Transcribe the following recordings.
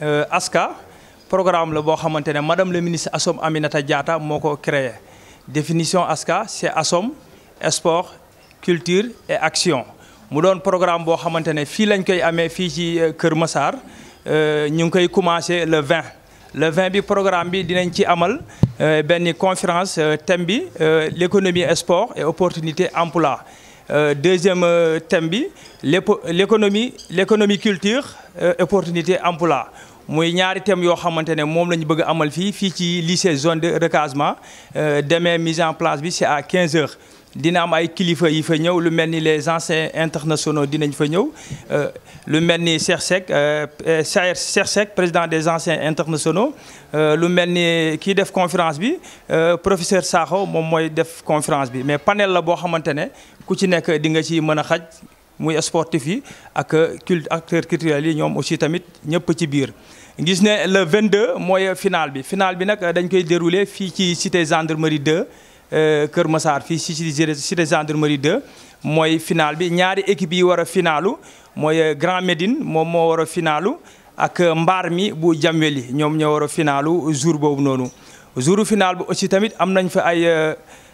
Euh, ASCA programme la boo madame le ministre Assom Aminata Diatta moko La définition ASCA c'est Assom sport culture et action avons un programme de xamante ne fii lañ koy amee fii ci euh, Kër euh, le 20 le 20 bi programme bi dinañ ci amal conférence thème l'économie sport et opportunité emploi deuxième thème l'économie l'économie culture opportunité emploi muy ñaari thèmes yo xamante mom lañu bëgg amal fi fi ci lycée zone de recasement euh, demain mise en place bi c'est à 15 heures dina am ay kilifa yi fa ñëw lu melni les anciens internationaux dinañ fa ñëw euh, lu mel ni Cheikh Seck euh, Cheikh sek président des anciens internationaux lu melni ki def conférence bi professeur Sakho mom moy def conférence bi mais panel la bo xamante ku ci nekk di nga ci mëna xaj muy sportif yi ak euh, culte acteur culturels yi ñoom aussi tamit ñëpp ci biir. gis ne le 22 mooy final bi final bi nag dañ koy dérouler fii ci cité gendarmerie 2 euh, Kër Massar fii ci cité gendarmerie 2 mooy final bi ñaari équipe yi war a finalu mooy euh, Grand Médine moom moo war a finalu ak mbaar mi bu Jamweli ñoom ñoo war a finalu jour boobu noonu. jour final bi aussi tamit am nañ fa ay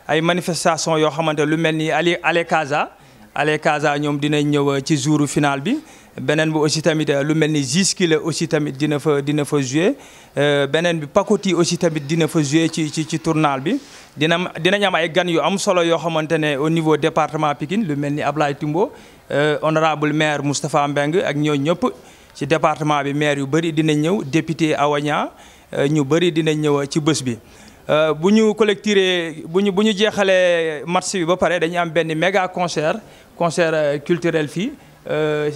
ay manifestation yoo xamante lu mel nii Ali Ale ale Casa ñoom dinañ ñëw euh, ci jouru final bi beneen bi aussi tamit euh, lu mel ni Ziski la aussi tamit dina fa dina fa jouer euh, beneen bi Pakoti aussi tamit dina fa jouer ci ci ci tournal bi dina dinañ am ay gan yu am solo yoo xamante ne au niveau département Pikine lu mel ni Ablaye Timbo honorable maire Moustapha Mbeng ak ñoo ñëpp ci département bi maire yu bëri dina ñëw député Awaña ñu bëri dina ñëw ci bës bi Euh, bu collecter, collecté bu ñu bu ñu jeexalee match bi ba pare dañu am méga concert concert euh, culturel fi, euh,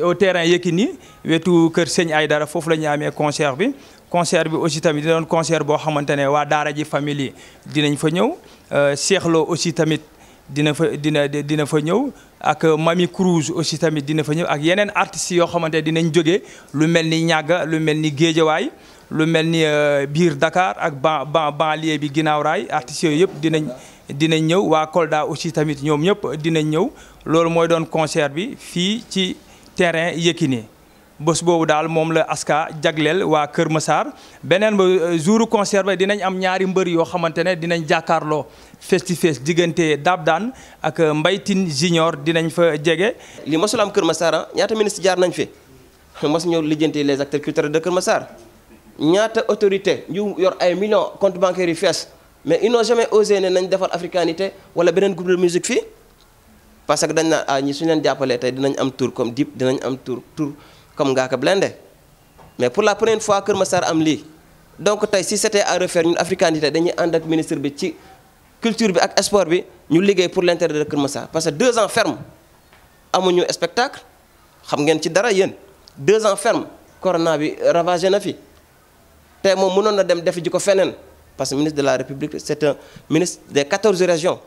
au terrain yekini, wetu kër Sëñ Aydara foofu la ñu concert bi. concert bi aussi tamit dina doon concert boo xamante ne waa daraji ji famille dinañ fa ñëw aussi tamit dina fa dina dina fa ak Mami Cruz aussi tamit dina fa ñëw ak yeneen artistes yoo xamante dinañ jóge lu mel ni ñàgga lu mel ni géejawaay lu mel ni euh, biir Dakar ak ban ban banlieue bi ginnaaw raay artistes yooyu yëpp dinañ dinañ ñëw waa Kolda aussi tamit ñoom ñëpp dinañ ñëw loolu mooy doon concert bi fii ci terrain Yékini bës boobu daal moom la aska jagleel waa Kër Massar beneen ba euh, jouru concert ba dinañ am ñaari mbër yoo xamante ne dinañ jàkkaarloo face to Dabdan et ak Mbaye Tine Junior dinañ fa djégé li mosul am Kër Massar ah, ñaata ministre jaar nañ fi mos ñëw fait les acteurs culturels de Kër Massar ñaata autorité ñu yor ay millions compte bancaire yu mais ils n'ont jamais osé ne nañ defar africanité wala benen groupe de musique fi parce que dañ naan ah, ñi suñu leen jappalé tay dinañ am tour comme Dip dinañ am tour tour comme Gaka blendé mais pour la première fois Kër Massar am li donc tay si c'était à refaire ñun africanité dañuy and ak ministre bi ci culture et ak nous bi ñu pour l'intérêt de Kermassa. parce que deux ans ferme amuñu spectacle xam ngeen ci dara deux ans ferme corona a ravagé na fi Et moom mënoon na dem def ji parce que ministre de la république c'est un ministre des 14 régions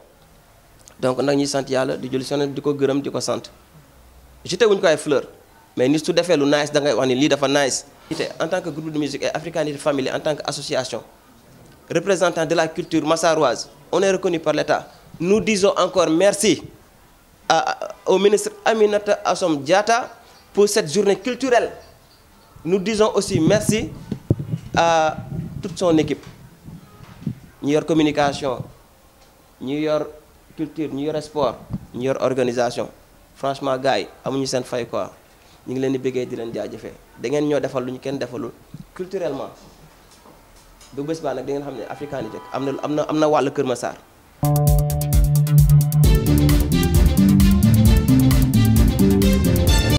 donc nous ñuy sant yàlla di julli sonn nous ko gërëm di ko wuñ ko ay fleur mais nous su defee lu nice da ngay wax ni lii dafa nice en tant que groupe de musique et africanité famille en tant qu'association, représentant de la culture massaroise on est reconnu par l'État. Nous disons encore merci au ministre Aminata Assom Diata pour cette journée culturelle. Nous disons aussi merci à toute son équipe. New York Communication, New York Culture, New York Sport, New York Organisation. Franchement, gars, amuñu s'en fay quoi ñu ngi leen di que di avons jaajëfee da ngeen ñoo culturellement. bu bés baa nag di ngeen xam ne africanité am na am na am na wàllu Kër Massar